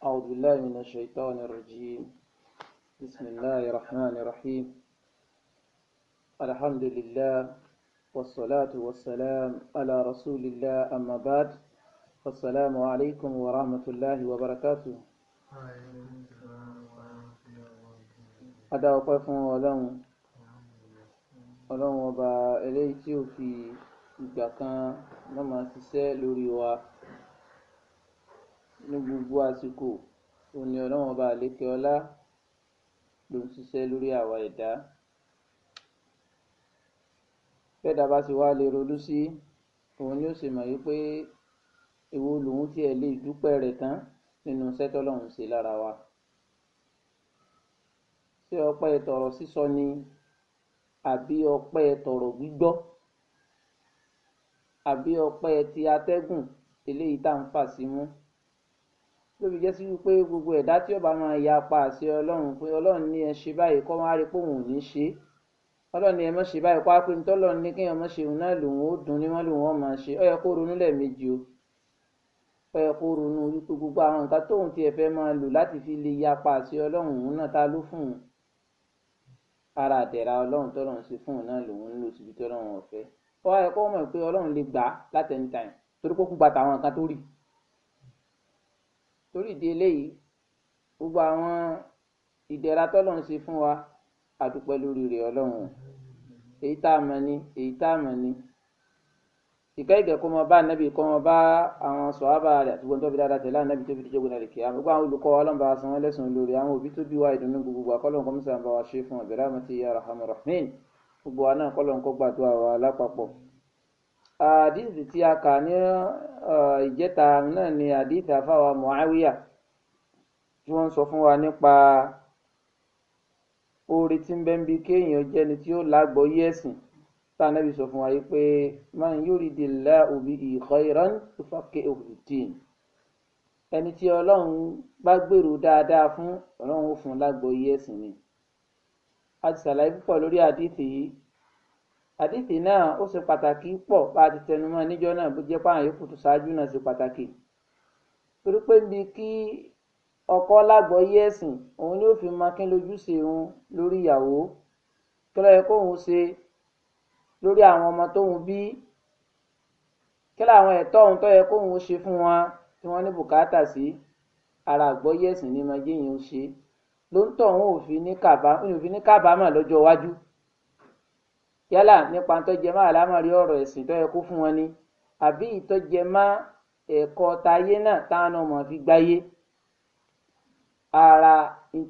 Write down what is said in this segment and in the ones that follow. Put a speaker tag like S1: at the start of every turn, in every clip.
S1: أعوذ بالله من الشيطان الرجيم بسم الله الرحمن الرحيم الحمد لله والصلاة والسلام على رسول الله أما بعد فالسلام عليكم ورحمة الله وبركاته adáwọ̀pẹ́ fún ọlọ́run ọlọ́run ọba eléyìí tí ó fi ìgbà kan ní gbogbo àsìkò òní ọlọ́run ọba àlékè ọlá ló ń ṣiṣẹ́ lórí àwa ẹ̀dá bẹ́ẹ̀dá bá ti wá lè ronú sí òun ni ó sì mọ̀ wípé èwo lòun tiẹ̀ lè dúpẹ́ rẹ̀ tán nínú iṣẹ́ tọ́lọ́run ṣe lára wa ṣé ọpẹ́ tọrọ sísọ ni àbí ọpẹ́ tọrọ gbígbọ́ àbí ọpẹ́ ti atẹ́gùn eléyìí tá à ń fà sí mú ló fi jẹ́ sí pé gbogbo ẹ̀dá tí ó bá máa ya apá àṣẹ ọlọ́run pé ọlọ́run ní ẹ ṣe báyìí kọ́ wá rí pé òun ò ní ṣe é ọlọ́run ní ẹ má ṣe báyìí kọ́ wá pé nítorí ọlọ́run ní kéèyàn má ṣe òun náà lòun ó dùn ní wọ́n lòun ó máa ṣe ó kó ronú lẹ́ẹ̀mejì o ó kó ronú wípé gbogbo àwọn nǹkan tóun tiẹ̀ fẹ́ máa lò láti fi lè ya apá àṣẹ ọlọ́run òun náà ta ló fún un ara àdẹ̀ra ọlọ́run tọ́lọ́run ṣe fún òun náà lòun ń lò síbi tọ́lọ́run ọ̀fẹ́ torí ìdí eléyìí gbogbo àwọn ìdẹ̀ra tọ́lọ́run ṣe fún wa a dúpẹ́ lórí rẹ̀ ọlọ́run èyí tá a mọ̀ ni èyí tá a mọ̀ ni ìkẹ́ ìgẹ̀ kó mọ bá ànábì kó mọ bá àwọn sọ̀hábà rẹ̀ àti gbọ́n tó fi dáadáa tẹ̀lé ànábì tó fi díjọ́ gbọ́n àlèkè àmọ́ gbọ́n àwọn olùkọ́ ọlọ́mọba san wọ́n lẹ́sùn olórí àwọn òbí tó bí wa ìdùnnú gbogbo àkọ́lọ́n kọ́ mùsàlùmọ́ wa ṣe fún ọ̀bẹ̀rẹ̀ àmọ́ ti yára hàmúrà gbogbo wa náà kọ́ gbàdúrà wa lápapọ̀ àdìsí tí a kà ní ìjẹta náà ni àdìsí àfáwà Muawiya tí wọ́n ń sọ fún wa nípa oore tí ń bẹ ń bi kéèyàn jẹ́ni tí ó lágbọ́yé ẹ̀sìn tá a nábì sọ fún wa yìí pé man yuridillahu bihi khairan yufaqihuhu fid-din ẹni tí ọlọ́run bá gbèrò dáadáa fún ọlọ́run ó fún lágbọ́yé ẹ̀sìn ni a ti ṣàlàyé púpọ̀ lórí àdìsí yìí hádíìsì náà ó ṣe pàtàkì pọ̀ bá a ti tẹnu mọ́ níjọ́ náà bó jẹ́ páwọn yòókù tó ṣáájú náà ṣe pàtàkì torí pé bíi kí ọkọ lágbọ́yé ẹ̀sìn òun ni ó fi máa kí lójúṣe òun lórí ìyàwó kí ló kóun ṣe lórí àwọn ọmọ tóun bí kí làwọn ẹ̀tọ́ òun tó yẹ kóun ṣe fún wọn tí wọ́n ní bùkátà sí ara àgbọ́yé ẹ̀sìn ni máa jẹ́yìn ó ṣe ló ń tọ̀ òun ò fi ní kábàámọ̀ lọ́jọ́ iwájú yálà nípa tó jẹ má àlámọ̀rí ọ̀rọ̀ ẹ̀sìn tó yẹ kó fún wọn ni àbí ìtọ́ jẹ má ẹ̀kọ́ tayé náà táwọn ọmọ fi gbáyé ara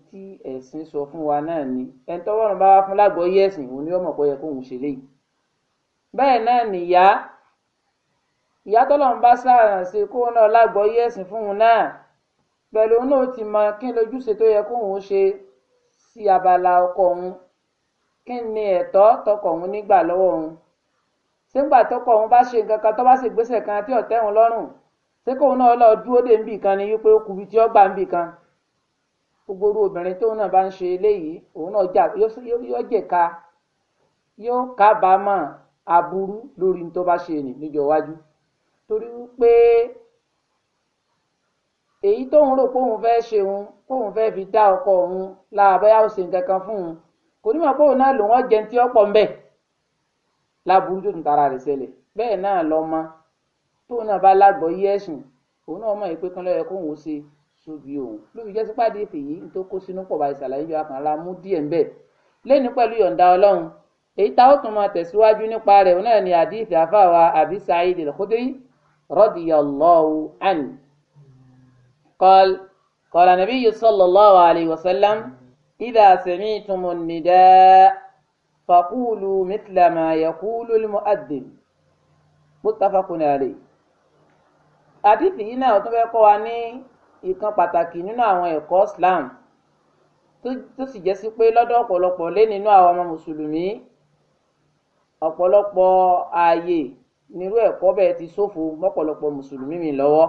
S1: tí ẹ̀sìn sọ fún wa náà ni ẹni tọ́wọ́rùn bá wá fún lágbọ́yé ẹ̀sìn òun ni ọmọ pọ̀yẹ kóun ṣe léyìí bẹ́ẹ̀ náà nìyá ìyá tọ́lọ́run bá sáàràn sí kó náà lágbọ́yé ẹ̀sìn fún un náà pẹ̀lú òun náà ti mọ kí lójúṣe tó yẹ kóun ṣe sí abala ọkọ òun kí ni ẹ̀tọ́ tọkọ òun nígbà lọ́wọ́ òun sígbà tọkọ òun bá ṣe nǹkan kan tó bá sì gbèsè kan tí ọtẹ òun lọ́rùn ṣé kóun náà lọ dúró dé nbì kan ni wípé ó kùbi tí ó gbà nbì kan gbogbo orú obìnrin tóun náà bá ń ṣe eléyìí òun náà yóò jẹka yóò kábàámọ̀ aburú lórí ní tó bá ṣe nì níjọ́ iwájú torí wípé èyí tóun rò pé òun fẹ́ ṣe òun kóun fẹ́ fi dá ọkọ òun láàbẹ́yà òsè nǹkan kan fún òun kò ní mọ̀ pé òun náà lòun ọ̀jẹ̀ tí ó pọ̀ ń bẹ̀ láburú tó tún tara rẹ̀ ṣẹlẹ̀ bẹ́ẹ̀ náà lọ́mọ tóun náà bá lágbọ̀ọ́yé ẹ̀sìn òun náà mọ̀ pé kán lọ́yẹ kóun ó ṣe sóbi òun lóbi jẹ́ sípàdé ètè yìí tó kó sínú pọ̀ báyìí ṣàlàyé yọ àkànlá mú díẹ̀ ń bẹ̀ pẹ̀lú yọ̀ǹda ọlọ́run èyí tá ó tún máa tẹ̀síwájú nípa rẹ̀ òun náà ni àdìsí àfàwà àbí Sa'id al-Khudri radiyallahu anhu qala qala nabiyyu sallallahu alayhi wa إذا سمعتم النداء فقولوا مثل ما يقول المؤذن متفق عليه àdìsí yìí náà tún fẹ́ kọ́ wa ní ìkan pàtàkì nínú àwọn ẹ̀kọ́ Islam tó sì jẹ́ sí pé lọ́dọ̀ ọ̀pọ̀lọpọ̀ lé nínú àwọn ọmọ mùsùlùmí ọ̀pọ̀lọpọ̀ ààyè nírú ẹ̀kọ́ bẹ́ẹ̀ ti ṣòfò mọ́pọ̀lọpọ̀ mùsùlùmí mi lọ́wọ́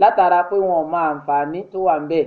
S1: látara pé wọn ò mọ àǹfààní tó wà ń bẹ́ẹ̀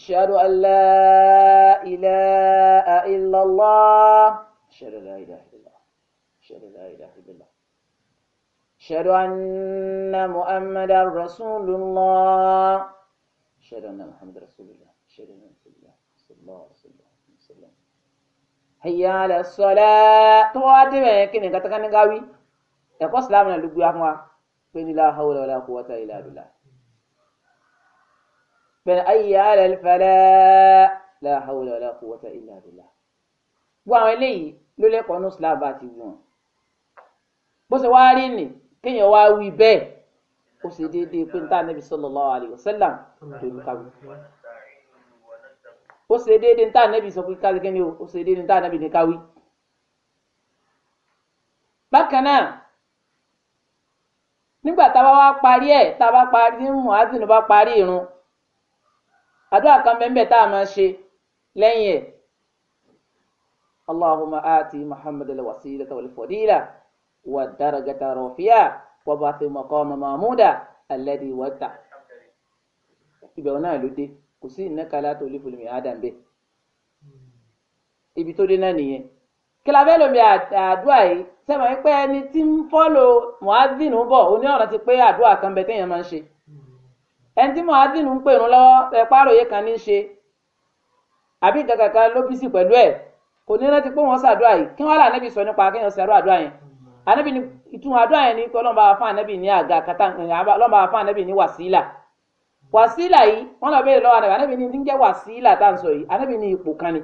S1: أشهد أن لا إله إلا الله أشهد أن لا إله إلا الله أشهد أن لا إله إلا الله أشهد أن محمدا رسول الله أشهد أن محمدا رسول الله أشهد أن رسول الله صلى الله عليه وسلم هيا على الصلاة تواتي ما يمكن أن قوي يقول سلامنا لقوا أخوة لا حول ولا قوة إلا بالله bẹ̀rẹ̀ ayé ààrẹ fẹ́rẹ́ láhàúlẹ̀ ọ̀làkùn wọ́tẹ̀ ilẹ̀ àdúlà. gbogbo àwọn eléyìí ló lẹ́kọ̀ọ́ ní slab àti wọn. bó ṣe wá rí nì kéèyàn wá wí bẹ́ẹ̀ ó ṣe déédéé pé níta níbi sallallahu alaihi wasallam tó ní kàwé. ó ṣe déédéé níta níbi sọ pé kéèyàn ó ṣe déédéé níta níbi ní bákan náà nígbà tá a bá wá parí ẹ̀ tá a bá parí ní muhammadu bá parí irun àdúrà kan bẹ́ẹ̀ tá a máa ṣe lẹ́yìn ẹ̀ allahumma aati muhammad alwasila walfadila wa darajata rafiya wa baathi maqama mahmuda alladhi wata ìbẹ̀wò náà ló dé kò sí ìnákàlá tó lífò lómi àádà ń bẹ ibi tó dé náà nìyẹn kìlàfẹ́ lomi àdúrà yìí sẹ́wọ̀n pé ẹni tí ń fọ́lò muazzin bọ̀ oní ọ̀rọ̀ ti pé àdúrà kan bẹ téèyàn máa ń ẹni tí mohadin ń pè irun lọ́wọ́ ẹ páròyé kan ní í ṣe àbí nǹkan kankan ló bí sí pẹ̀lú ẹ̀ kò ní rántí pé wọ́n ṣàdúrà yìí kí wọ́n là nẹ́bí sọ nípa kéèyàn ṣàrú àdúrà yẹn ànẹ́bí ni ìtumọ̀ àdúrà yẹn ni pé ọlọ́mọba wa fún ànẹ́bí ní àga kata eh, ọlọ́mọba wa fún ànẹ́bí ní wàsílà wàsílà yìí wọ́n lọ béèrè lọ́wọ́ ànẹ́bí ànẹ́bí ni ń jẹ́ wàsílà tá à ń sọ yìí ànẹ́bí ni ipò kan ni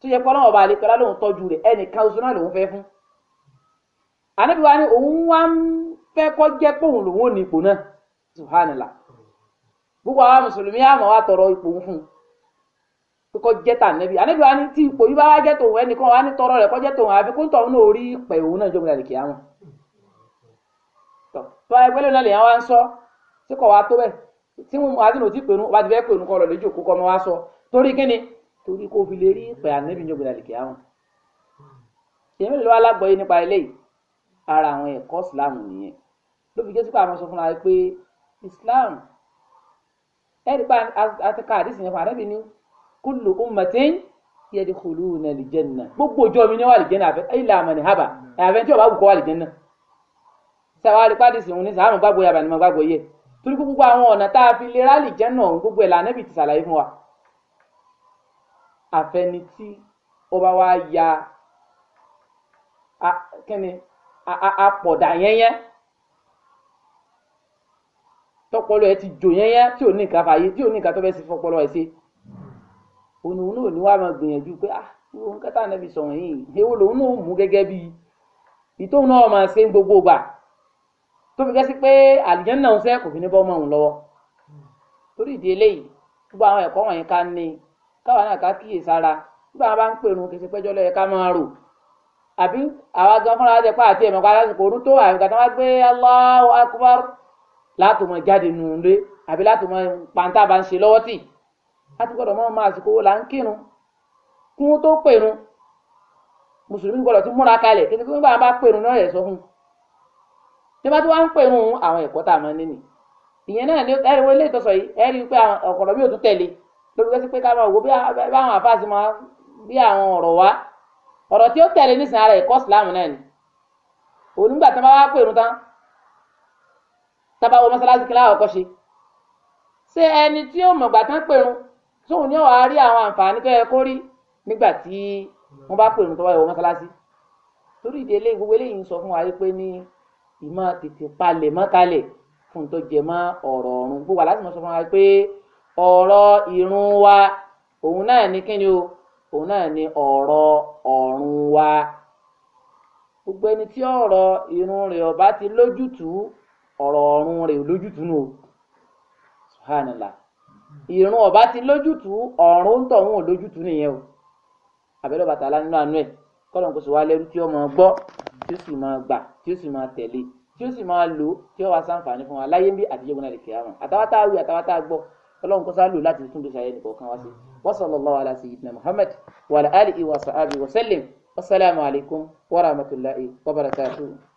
S1: tó yẹ pé ọlọ́mọba àlekọ́ lálóhùn tọ́jú rẹ̀ ẹnìkan oṣù náà lòún fẹ́ fún ànẹ́bí wa ni òun wá ń fẹ́ kọ́ jẹ́ pé òun lòún ò ní ipò náà subhanallah gbogbo àwọn mùsùlùmí àmọ́ wa tọrọ ipò ń fún un kó jẹ́ tà nẹ́bí ànẹ́bí wa ní tí ipò yìí bá wá jẹ́ tòun ẹnìkan wa ní tọrọ rẹ̀ kó jẹ́ tòun àfi kó ń tọ̀hún náà rí pẹ̀ òun náà jókòó lálẹ́ kìá wọn. tọ́ tó ayé pẹ́lú náà lèèyàn wá ń sọ tí kò wá tó bẹ́ẹ̀ tí wọn àti nà ó ti pèrún wá ti fẹ́ pèrún kọ́ lọ lójú òkú kọ́ ọmọ wa sọ torí kíni torí kó fi lè rí pẹ̀ ànẹ́bí jókòó lálẹ́ kìá wọn islam ẹ̀rí pa àtẹ̀ka àdìsí yẹn fún àdẹ́bí ni kullu ummatin yadkhuluna aljanna gbogbo ọjọ́ mi ní wà aljanna àfẹ́ ilà àmàlẹ̀ haba àfẹ́ tí o bá wù kọ́ wà aljanna sábà rí pàdísì òun ní sàmù gbàgbọ́ yàrá ni mo gbàgbọ́ yẹ torí gbogbo àwọn ọ̀nà tá a fi lè rálì jẹ́nà gbogbo ẹ̀ lànàbì ti ṣàlàyé fún wa àfẹ́ni tí ó bá wá ya kí ni apọ̀dà yẹ́yẹ́ tọpọlọ ẹ ti jò yẹn yẹn tí ò ní nǹkan fàyè tí ò ní nǹkan tó fẹ́ sí fọpọlọ ẹ ṣe òun òun ní wàá máa gbìyànjú pé ah ìwọ nǹkan tá à nẹbi sọ̀rọ̀ yìí èwo lòun náà mú gẹ́gẹ́ bíi ìtòun náà máa ṣe ń gbogbo gbà tó fi gẹ́sí pé àlìjẹ́n náà ń fẹ́ kò fi ní bọ́ mọ́ òun lọ́wọ́ torí ìdí eléyìí gbogbo àwọn ẹ̀kọ́ wọ̀nyẹn ká ní káwa náà ká kíyè sára gbogbo àwọn bá ń pèrún kì í ṣe péjọ ká máa rò wa jẹ láti mọ jáde nù lé àbí láti mọ pàǹtà bá ń ṣe lọ́wọ́ tì láti gbọ́dọ̀ mọ́ ọmọ àsìkò wo là ń kírun kún tó pèrun mùsùlùmí gbọ́dọ̀ ti múra kalẹ̀ kí ni kí wọ́n bá bá pèrun náà yẹ̀ sọ fún un bí wọ́n bá ti wá ń pèrun àwọn ẹ̀kọ́ tá a máa ní nì ìyẹn náà ni ẹ̀rí wọlé ìtọ́sọ yìí ẹ̀rí pé ọ̀pọ̀lọpọ̀ bí òtún tẹ̀lé lóbi kẹ́sí pé ká máa wò bí àwọn àfáàsì máa bí àwọn ọ̀rọ̀ wá ọ̀rọ̀ tí ó tẹ̀lé nísìnyí ara ẹ̀kọ́ ìsìlámù náà ni òun nígbà tí wọ́n bá pèrun tán tábà wọ mọ́sálásí kí láwọn kọ́ ṣe ṣé ẹni tí ó mọ̀gbà tán pèrún tóun ní ọ̀hà rí àwọn àǹfààní tó yẹ kó rí nígbà tí wọ́n bá pèrún tó bá wọ mọ́sálásí torí ìdílé gbogbo eléyìí ń sọ fún wa wípé ní ìmọ̀ tètè palẹ̀ mọ́kalẹ̀ fún tó jẹ mọ́ ọ̀rọ̀ ọ̀run gbogbo aláṣẹ mọ́ sọ fún wa pé ọ̀rọ̀ ìrun wa òun náà ní kíni o òun náà ní ọ̀rọ̀ ọ̀run wa gbogbo ẹni tí ọ̀rọ̀ ìrun rẹ̀ ọ̀bá ti lójútùú ọ̀rọ̀ ọ̀run rẹ̀ lójútùú nù o subhanallah ìrun ọba ti lójútùú ọ̀run ń tọ̀hún ò lójútùú nìyẹn o àbẹ̀lẹ̀ bàtà lánàá àánú ẹ̀ kọ́lọ̀ kó sì wá lẹ́rú tí ó máa gbọ́ tí ó sì máa gbà tí ó sì máa tẹ̀lé tí ó sì máa lò tí ó wá sáǹfààní fún wa láyé ń bí àtijọ́gbọ́n náà lè fi àwọn àtàwátá wí àtàwátá gbọ́ ọlọ́run kó sálò láti tún bí sàyẹn nìkan kan wá sí wa sallallahu ala sayyidina muhammad wa ala alihi wa sahbihi wa sallim wasalaamu alaykum wa rahmatulahi wa barakatuhu.